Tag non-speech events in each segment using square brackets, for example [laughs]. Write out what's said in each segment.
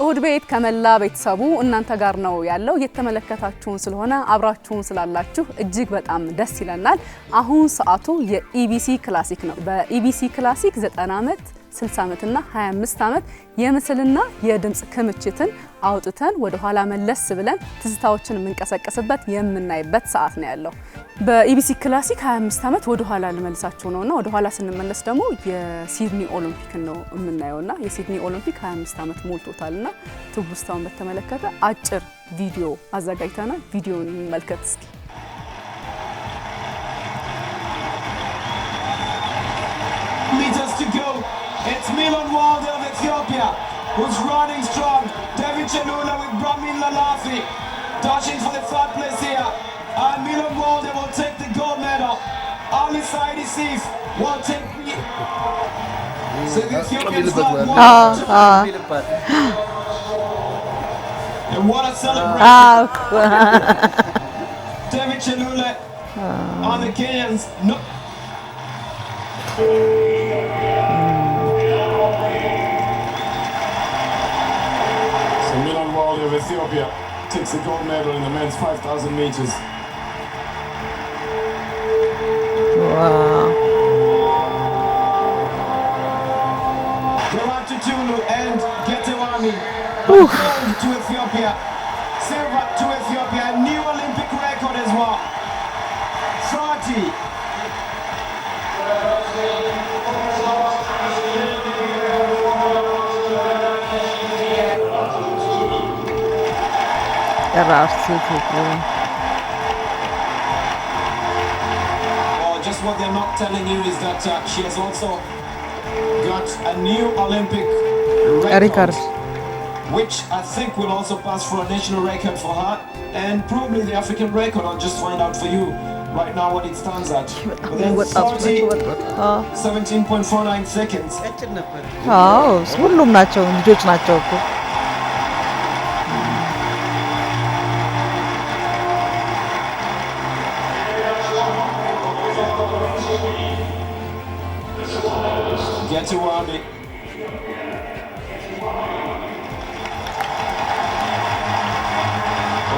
እሁድ ቤት ከመላ ቤተሰቡ እናንተ ጋር ነው ያለው። የተመለከታችሁን ስለሆነ አብራችሁን ስላላችሁ እጅግ በጣም ደስ ይለናል። አሁን ሰዓቱ የኢቢሲ ክላሲክ ነው። በኢቢሲ ክላሲክ ዘጠና ዓመት 60 ዓመትና 25 ዓመት የምስልና የድምፅ ክምችትን አውጥተን ወደኋላ መለስ ብለን ትዝታዎችን የምንቀሰቀስበት የምናይበት ሰዓት ነው ያለው። በኢቢሲ ክላሲክ 25 ዓመት ወደኋላ ልመልሳቸው ነውና ወደ ኋላ ስንመለስ ደግሞ የሲድኒ ኦሎምፒክን ነው የምናየውና የሲድኒ ኦሎምፒክ 25 ዓመት ሞልቶታልና ትውስታውን በተመለከተ አጭር ቪዲዮ አዘጋጅተናል። ቪዲዮን እንመልከት እስኪ። It's Milan Walde of Ethiopia, who's running strong. David Chenula with Bramin Lalafi, dashing for the third place here. And Milan Walde will take the gold medal. Ali Saidi Sif will take the... Mm, so the Ethiopians not one. And what a ah, ah. Ah. celebration! [laughs] David Chenula on the Kenyans. No. Mm. of Ethiopia takes the gold medal in the men's 5,000 meters. Wow. Lewatu and Getewami. Gold to Ethiopia. Silver to Ethiopia. New Olympic record as well. 40. তারা আসছে থেকে Just what they're not telling you is that uh, she has also got a new Olympic record, which I think will also pass for a national record for her and probably the African record. I'll just find out for you right now what it stands at. Within 40, 17.49 seconds. Oh, sebelum nacho, jujur nacho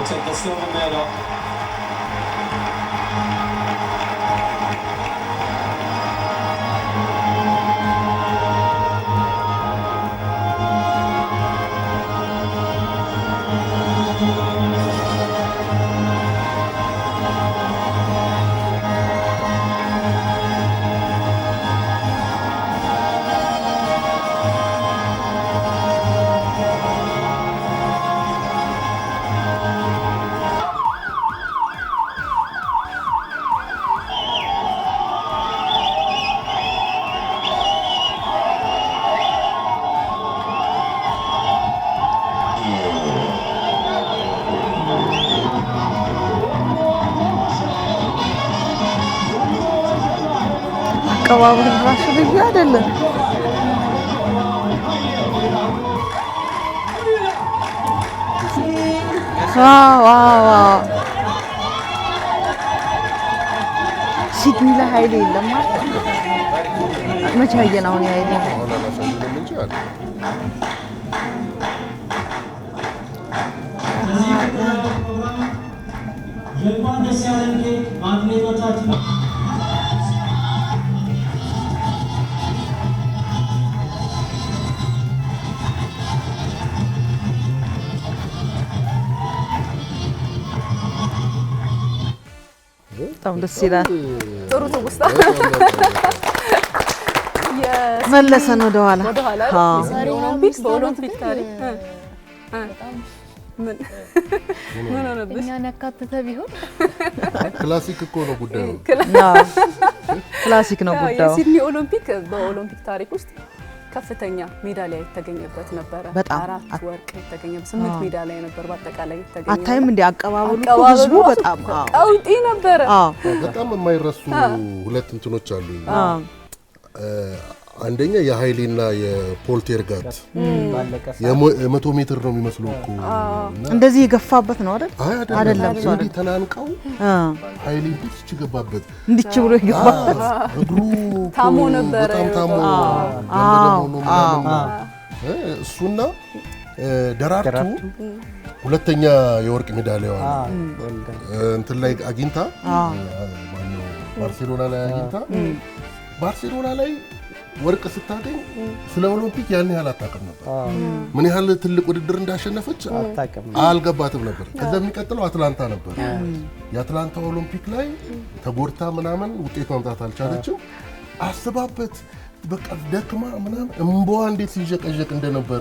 fortsätta slå med medal አቀባበል ራሱ ልዩ አይደለም። ሲድኒ ላይ ኃይል የለም። መቼ አየን? አሁን ኃይል እንኳን በጣም ደስ ይላል። ጥሩ ትውስታ መለሰን ወደኋላ በኦሎምፒክ ታሪክ እኛን ያካተተ ቢሆን ክላሲክ እኮ ነው ጉዳዩ። [laughs] ክላሲክ ነው ጉዳዩ። የሲድኒ ኦሎምፒክ በኦሎምፒክ ታሪክ ውስጥ ከፍተኛ ሜዳሊያ የተገኘበት ነበረ። አራት ወርቅ የተገኘ ስምንት ሜዳሊያ ነበር በአጠቃላይ የተገኘ። አታይም እንዲ አቀባበሉ ህዝቡ በጣም ቀውጢ ነበረ። በጣም የማይረሱ ሁለት እንትኖች አሉ አንደኛ የሀይሌና የፖልቴርጋት የመቶ ሜትር ነው የሚመስሉ እኮ እንደዚህ የገፋበት ነው አይደል? አይደለም እንዲህ ተናንቀው ሀይሌ እንዲች ገባበት፣ እንዲች ብሎ የገባበት እግሩ [laughs] ታሞ ነበር፣ በጣም ታሞ እሱና ደራርቱ ሁለተኛ የወርቅ ሜዳሊያዋ እንትን ላይ አግኝታ ባርሴሎና ላይ አግኝታ ባርሴሎና ላይ ወርቅ ስታገኝ ስለ ኦሎምፒክ ያን ያህል አታውቅም ነበር። ምን ያህል ትልቅ ውድድር እንዳሸነፈች አልገባትም ነበር። ከዛ የሚቀጥለው አትላንታ ነበር። የአትላንታ ኦሎምፒክ ላይ ተጎድታ ምናምን ውጤት ማምጣት አልቻለችም። አስባበት በቃ ደክማ ምናምን እምባዋ እንዴት ሲንዠቀዠቅ እንደነበር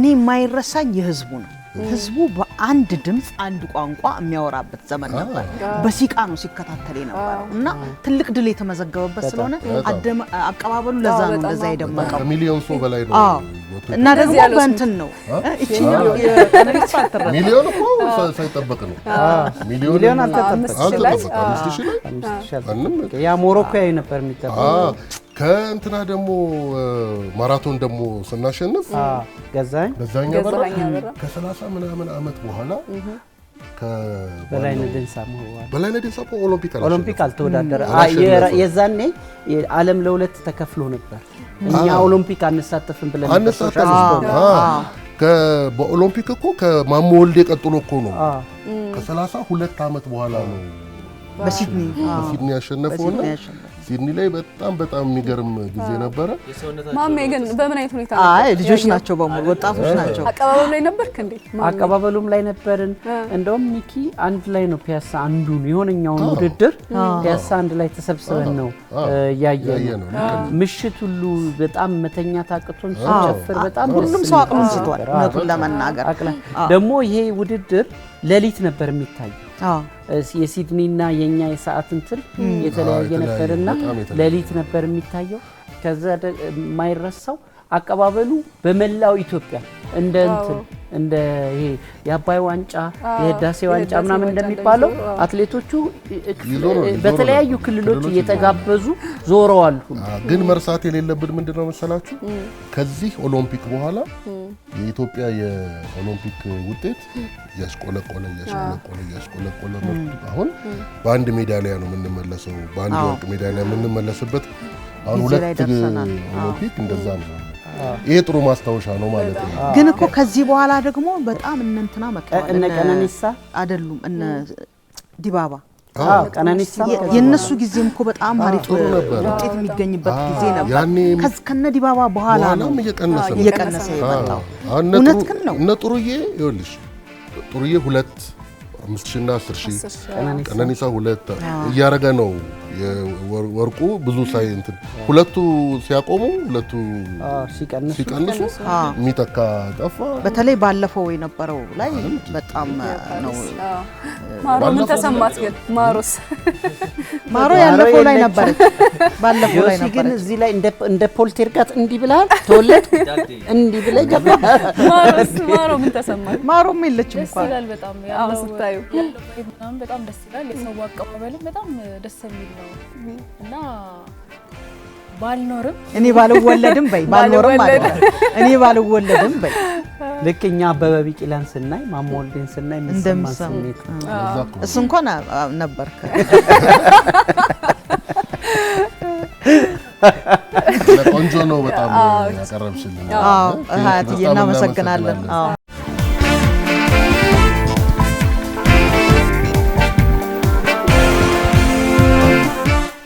እኔ የማይረሳኝ የህዝቡ ነው ህዝቡ በአንድ ድምፅ አንድ ቋንቋ የሚያወራበት ዘመን ነበር። በሲቃ ነው ሲከታተል የነበረው እና ትልቅ ድል የተመዘገበበት ስለሆነ አቀባበሉ ለዛ ነው ለዛ የደመቀው ከሚሊዮን ሰው በላይ ነው እና ደግሞ በእንትን ነው ሚሊዮን እኮ ሳይጠበቅ ነው ሚሊዮን ያ ሞሮኮያዊ ነበር የሚጠበቅ ከእንትና ደግሞ ማራቶን ደግሞ ስናሸንፍ ገዛኝ ገዛኝ አበራ ከሰላሳ ምናምን ዓመት በኋላ በላይነህ ድንሳ ኦሎምፒክ ኦሎምፒክ አልተወዳደረ። የዛኔ ዓለም ለሁለት ተከፍሎ ነበር። እኛ ኦሎምፒክ አንሳተፍም ብለን በኦሎምፒክ እኮ ከማሞ ወልዴ ቀጥሎ እኮ ነው። ከሰላሳ ሁለት ዓመት በኋላ ነው በሲድኒ ያሸነፈውና ሲድኒ ላይ በጣም በጣም የሚገርም ጊዜ ነበረ። ማሜ ግን በምን አይነት ሁኔታ? አይ ልጆች ናቸው በሙሉ ወጣቶች ናቸው። አቀባበሉ ላይ ነበርክ እንዴ? አቀባበሉም ላይ ነበርን። እንደውም ሚኪ አንድ ላይ ነው ፒያሳ አንዱን የሆነኛውን ውድድር ፒያሳ አንድ ላይ ተሰብስበን ነው እያየ ነው ምሽት ሁሉ በጣም መተኛ ታቅቶን ስንጨፍር በጣም ሁሉም ሰው አቅሙን ስቷል። እውነቱን ለመናገር ደግሞ ይሄ ውድድር ሌሊት ነበር የሚታየው የሲድኒና የእኛ የሰዓት እንትን የተለያየ ነበርና ሌሊት ነበር የሚታየው። ከዛ የማይረሳው አቀባበሉ በመላው ኢትዮጵያ እንደ እንትን እንደ ይሄ የአባይ ዋንጫ የህዳሴ ዋንጫ ምናምን እንደሚባለው አትሌቶቹ በተለያዩ ክልሎች እየተጋበዙ ዞረዋል። ግን መርሳት የሌለብን ምንድን ነው መሰላችሁ? ከዚህ ኦሎምፒክ በኋላ የኢትዮጵያ የኦሎምፒክ ውጤት እያሽቆለቆለ እያሽቆለቆለ እያሽቆለቆለ አሁን በአንድ ሜዳሊያ ነው የምንመለሰው፣ በአንድ ወርቅ ሜዳሊያ የምንመለስበት አሁን ሁለት ኦሎምፒክ እንደዛ ነው ይሄ ጥሩ ማስታወሻ ነው ማለት ነው። ግን እኮ ከዚህ በኋላ ደግሞ በጣም እነ እንትና መከባለ እነ ቀነኒሳ አይደሉም እነ ዲባባ ቀነኒሳ የእነሱ ጊዜም እኮ በጣም አሪፍ ውጤት የሚገኝበት ጊዜ ነበር። ከነ ዲባባ በኋላ ነው እየቀነሰ የመጣው። እውነት ግን ነው እነ ጥሩዬ ይኸውልሽ ጥሩዬ ሁለት አምስት ሺህ እና አስር ሺህ ቀነኒሳ ሁለት እያረገ ነው ወርቁ ብዙ ሳይ እንትን ሁለቱ ሲያቆሙ ሁለቱ ሲቀንሱ የሚተካ ጠፋ። በተለይ ባለፈው የነበረው ላይ በጣም ነው። ማሮ ምን ተሰማት ግን? ማሮስ [laughs] ማሮ ያለፈው ላይ ነበረች፣ [laughs] ባለፈው ላይ ነበረች። ግን እዚህ ላይ እንደ ፖልቴርጋት እንዲህ ብላል ተወለድ እንዲህ ብላ [laughs] ገባ። ማሮ ምን ተሰማት? ማሮም የለችም እንኳን ጉዳዩ ምናምን በጣም ደስ ይላል። የሰው አቀባበልም በጣም ደስ የሚል ነው እና ባልኖርም እኔ ባልወለድም በይ ባልኖርም ማለት እኔ ባልወለድም በይ ልክ እኛ አበበ ቢቂላን ስናይ ማማ ወልዴን ስናይ እንደምን ስሜት እሱ እንኳን ነበርከ ቆንጆ ነው በጣም ያቀረብሽልን። አዎ እህትዬ እናመሰግናለን።